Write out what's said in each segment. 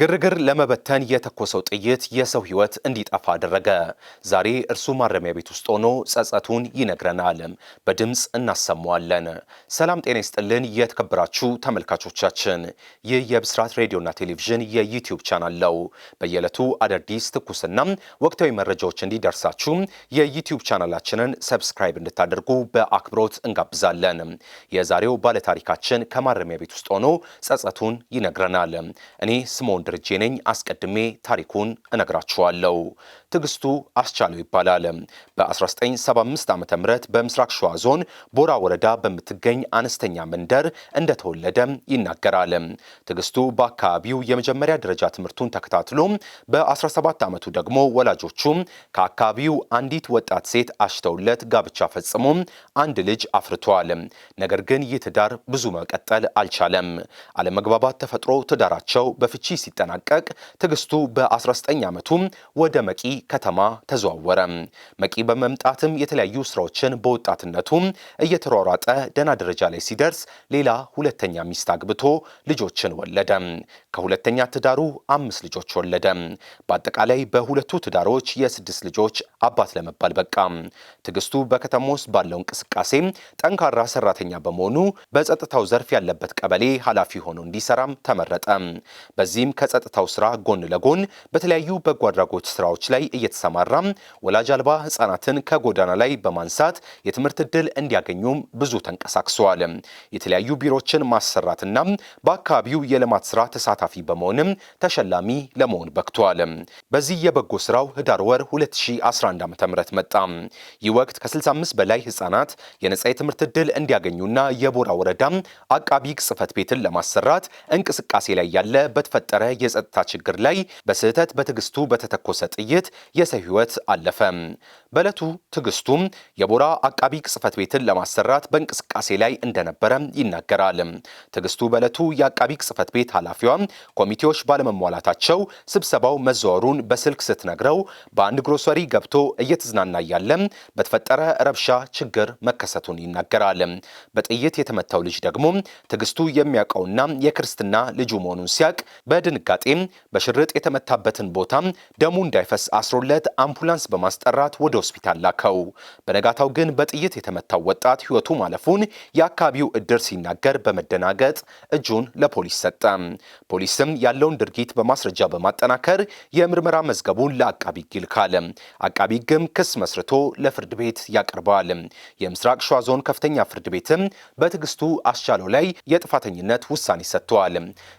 ግርግር ለመበተን የተኮሰው ጥይት የሰው ሕይወት እንዲጠፋ አደረገ። ዛሬ እርሱ ማረሚያ ቤት ውስጥ ሆኖ ጸጸቱን ይነግረናል፣ በድምፅ እናሰማዋለን። ሰላም ጤና ይስጥልን የተከበራችሁ ተመልካቾቻችን፣ ይህ የብስራት ሬዲዮና ቴሌቪዥን የዩቲዩብ ቻናል ነው። በየዕለቱ አዳዲስ ትኩስና ወቅታዊ መረጃዎች እንዲደርሳችሁ የዩቲዩብ ቻናላችንን ሰብስክራይብ እንድታደርጉ በአክብሮት እንጋብዛለን። የዛሬው ባለታሪካችን ከማረሚያ ቤት ውስጥ ሆኖ ጸጸቱን ይነግረናል። እኔ ስሞን ሰለሞን ደረጄ ነኝ። አስቀድሜ ታሪኩን እነግራችኋለሁ። ትዕግስቱ አስቻለው ይባላል። በ1975 ዓ ም በምስራቅ ሸዋ ዞን ቦራ ወረዳ በምትገኝ አነስተኛ መንደር እንደተወለደ ይናገራል። ትዕግስቱ በአካባቢው የመጀመሪያ ደረጃ ትምህርቱን ተከታትሎ በ17 ዓመቱ ደግሞ ወላጆቹ ከአካባቢው አንዲት ወጣት ሴት አሽተውለት ጋብቻ ፈጽሞ አንድ ልጅ አፍርቷል። ነገር ግን ይህ ትዳር ብዙ መቀጠል አልቻለም። አለመግባባት ተፈጥሮ ትዳራቸው በፍቺ ሲጠናቀቅ ትግስቱ በ19 ዓመቱ ወደ መቂ ከተማ ተዘዋወረ። መቂ በመምጣትም የተለያዩ ስራዎችን በወጣትነቱ እየተሯሯጠ ደና ደረጃ ላይ ሲደርስ ሌላ ሁለተኛ ሚስት አግብቶ ልጆችን ወለደ። ከሁለተኛ ትዳሩ አምስት ልጆች ወለደ። በአጠቃላይ በሁለቱ ትዳሮች የስድስት ልጆች አባት ለመባል በቃ። ትዕግስቱ በከተማ ውስጥ ባለው እንቅስቃሴ ጠንካራ ሰራተኛ በመሆኑ በጸጥታው ዘርፍ ያለበት ቀበሌ ኃላፊ ሆኖ እንዲሰራም ተመረጠ። በዚህም ከጸጥታው ስራ ጎን ለጎን በተለያዩ በጎ አድራጎት ስራዎች ላይ እየተሰማራ ወላጅ አልባ ህጻናትን ከጎዳና ላይ በማንሳት የትምህርት እድል እንዲያገኙም ብዙ ተንቀሳቅሰዋል። የተለያዩ ቢሮዎችን ማሰራትና በአካባቢው የልማት ስራ ተሳ ተሳታፊ በመሆንም ተሸላሚ ለመሆን በቅቷል። በዚህ የበጎ ስራው ህዳር ወር 2011 ም መጣ። ይህ ወቅት ከ65 በላይ ህጻናት የነጻ የትምህርት ዕድል እንዲያገኙና የቦራ ወረዳም አቃቢ ጽህፈት ቤትን ለማሰራት እንቅስቃሴ ላይ ያለ በተፈጠረ የጸጥታ ችግር ላይ በስህተት በትዕግስቱ በተተኮሰ ጥይት የሰው ህይወት አለፈ። በዕለቱ ትዕግስቱም የቦራ አቃቢ ጽህፈት ቤትን ለማሰራት በእንቅስቃሴ ላይ እንደነበረ ይናገራል። ትዕግስቱ በዕለቱ የአቃቢ ህግ ጽህፈት ቤት ኃላፊዋ ኮሚቴዎች ባለመሟላታቸው ስብሰባው መዘወሩን በስልክ ስትነግረው በአንድ ግሮሰሪ ገብቶ እየተዝናና ያለ በተፈጠረ ረብሻ ችግር መከሰቱን ይናገራል። በጥይት የተመታው ልጅ ደግሞ ትዕግስቱ የሚያውቀውና የክርስትና ልጁ መሆኑን ሲያቅ በድንጋጤም በሽርጥ የተመታበትን ቦታ ደሙ እንዳይፈስ አስሮለት አምቡላንስ በማስጠራት ወደ ሆስፒታል ላከው። በነጋታው ግን በጥይት የተመታው ወጣት ሕይወቱ ማለፉን የአካባቢው እድር ሲናገር በመደናገጥ እጁን ለፖሊስ ሰጠ። ፖሊስም ያለውን ድርጊት በማስረጃ በማጠናከር የምርመራ መዝገቡን ለአቃቢ ሕግ ይልካል። አቃቢ ሕግም ክስ መስርቶ ለፍርድ ቤት ያቀርበዋል። የምስራቅ ሸዋ ዞን ከፍተኛ ፍርድ ቤትም በትዕግስቱ አስቻለው ላይ የጥፋተኝነት ውሳኔ ሰጥተዋል።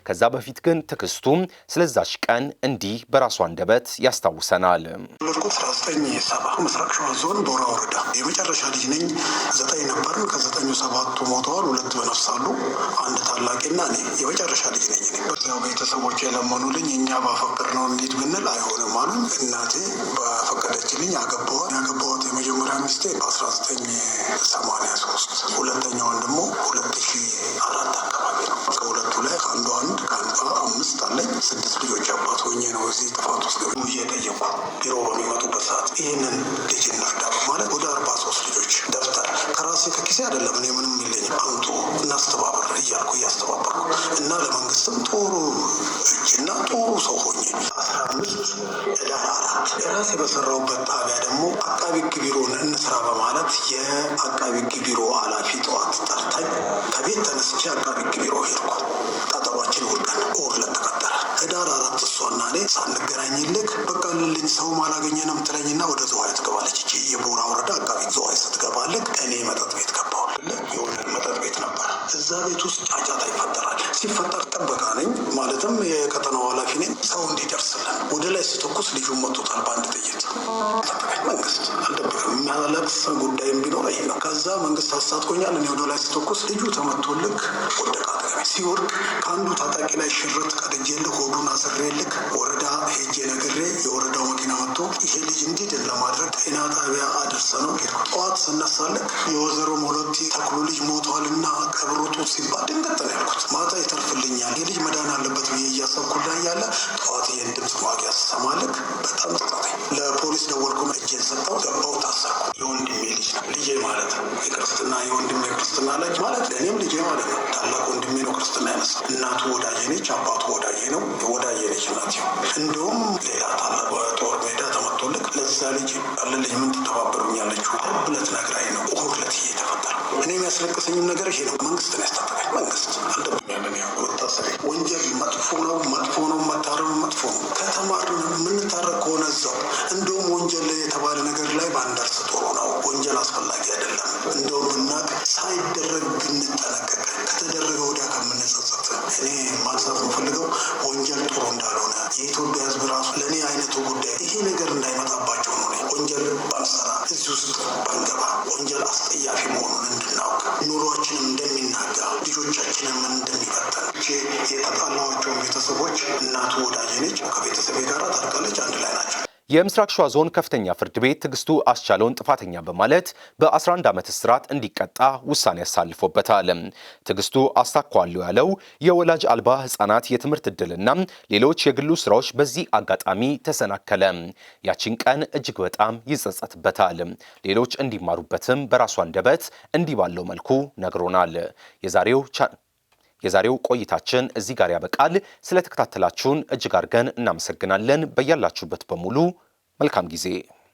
ከዛ በፊት ግን ትዕግስቱ ስለዛች ቀን እንዲህ በራሱ አንደበት ያስታውሰናል። ምስራቅ ሸዋ ዞን ቦራ ወረዳ የመጨረሻ ልጅ ነኝ። ዘጠኝ ነበርን። ከዘጠኙ ሰባቱ ሞተዋል፣ ሁለት በነፍስ አሉ። አንድ ታላቂና እኔ የመጨረሻ ልጅ ነኝ። በዛ ያው ቤተሰቦች የለመኑልኝ እኛ ባፈቅር ነው እንሂድ ብንል አይሆንም አሉ። እናቴ ባፈቀደችልኝ አገባዋት። ያገባዋት የመጀመሪያ ሚስቴ በአስራ ዘጠኝ ሰማንያ ሶስት ሁለተኛውን ደግሞ ሁለት ሺ አራት አካባቢ ነው። ከሁለቱ ላይ ከአንዱ አንድ ከአንዷ አምስት አለኝ። ስድስት ልጆች አባት ሆኜ ነው እዚህ ጥፋት ውስጥ እየጠየቁ ቢሮ በሚመጡበት ሰዓት ይህንን ልጅ እንርዳ በማለት ወደ አርባ ሶስት ልጆች ከራሴ ከኪሴ አይደለም እኔ ምንም የለኝም፣ አምጡ እናስተባበር እያልኩ እያስተባበርኩ እና ለመንግስትም ጥሩ እጅና ጥሩ ሰው ሆኜ አስራ አምስት ህዳር አራት ራሴ በሰራውበት ጣቢያ ደግሞ አቃቢ ህግ ቢሮን እንስራ በማለት የአቃቢ ህግ ቢሮ ኃላፊ ጠዋት ጠርታኝ ከቤት ተነስቼ አቃቢ ህግ ቢሮ ሄድኩ። ጠጠሯችን ውድቀን ኦር ለተቀጠረ ህዳር አራት እሷና እኔ ሳንገናኝ ልክ በቃ ልልኝ ሰውም አላገኘንም ትለኝና ወደ ዘዋይ ትገባለች። እ የቦራ ወረዳ አቃቢ ዘዋይ ሰ ልክ እኔ መጠጥ ቤት ገባሁ። ልክ የወለድ መጠጥ ቤት ነበር። እዛ ቤት ውስጥ ጫጫታ ይፈጠራል። ሲፈጠር ጠበቃ ነኝ ማለትም የቀጠናው ኃላፊ ነኝ። ሰው እንዲደርስልን ወደ ላይ ስተኩስ ልጁን መቶታል በአንድ ጥይት። ጠበቀኝ መንግስት አልደበቀም። የሚያለቅስ ጉዳይም ቢኖር ይሄ ነው። ከዛ መንግስት አስታጥቆኛል። እኔ ወደ ላይ ስተኩስ ልጁ ተመቶልክ ልክ ወደቃ። ሲወርቅ ከአንዱ ታጣቂ ላይ ሽርጥ ቀድጄልህ ሆዱን አስሬልህ ወረዳ ሄጄ ነግሬ የወረዳው መኪና መጥቶ ይሄ ልጅ እንዲህ ለማድረግ ጤና ጣቢያ አድርሰ ነው ሄድኩ። ጠዋት ስነሳልክ የወይዘሮ ሞለቲ ተክሎ ልጅ ሞቷልና ቀብር ውጡ ሲባል ድንገት ነው ያልኩት። ማታ ይተርፍልኛል የልጅ መዳን አለበት ብዬ እያሰብኩላ እያለ ጠዋት ይህን ድምፅ ማዋቂያ ስሰማልክ በጣም ጸጸተኝ። ለፖሊስ ደወልኩ፣ እጄን ሰጠው፣ ገባው፣ ታሰርኩ። የወንድሜ ልጅ ነው ልጄ ማለት ነው። የክርስትና የወንድሜ ክርስትና ልጅ ማለት ለእኔም ልጄ ማለት ነው። ታላቅ ወንድሜ ነው ክርስትና ያነሳ። እናቱ ወዳጄ ነች፣ አባቱ ወዳጄ ነው። ወዳጄ ነች እናት እንዲሁም ሁለት ነገር ላይ ነው እሑድ ዕለት የተፈጠረው። እኔ የሚያስለቅሰኝም ነገር ይሄ ነው። መንግስት ነው ያስታጠቀኝ። መንግስት አልደብኛለን ያ ወታሰሪ ወንጀል መጥፎ ነው፣ መጥፎ ነው። መታረም መጥፎ ነው። ከተማር የምንታረቅ ከሆነ እዛው እንደውም ወንጀል የተባለ ነገር ላይ ባንደርስ ጥሩ ነው። ወንጀል አስፈላጊ አይደለም እንደው የምስራቅ ሸዋ ዞን ከፍተኛ ፍርድ ቤት ትዕግስቱ አስቻለውን ጥፋተኛ በማለት በ11 ዓመት እስራት እንዲቀጣ ውሳኔ አሳልፎበታል። ትዕግስቱ አስታኳሉ ያለው የወላጅ አልባ ህጻናት የትምህርት ዕድልና ሌሎች የግሉ ስራዎች በዚህ አጋጣሚ ተሰናከለ። ያቺን ቀን እጅግ በጣም ይጸጸትበታል። ሌሎች እንዲማሩበትም በራሷ አንደበት እንዲህ ባለው መልኩ ነግሮናል። የዛሬው የዛሬው ቆይታችን እዚህ ጋር ያበቃል። ስለተከታተላችሁን እጅግ አድርገን እናመሰግናለን። በያላችሁበት በሙሉ መልካም ጊዜ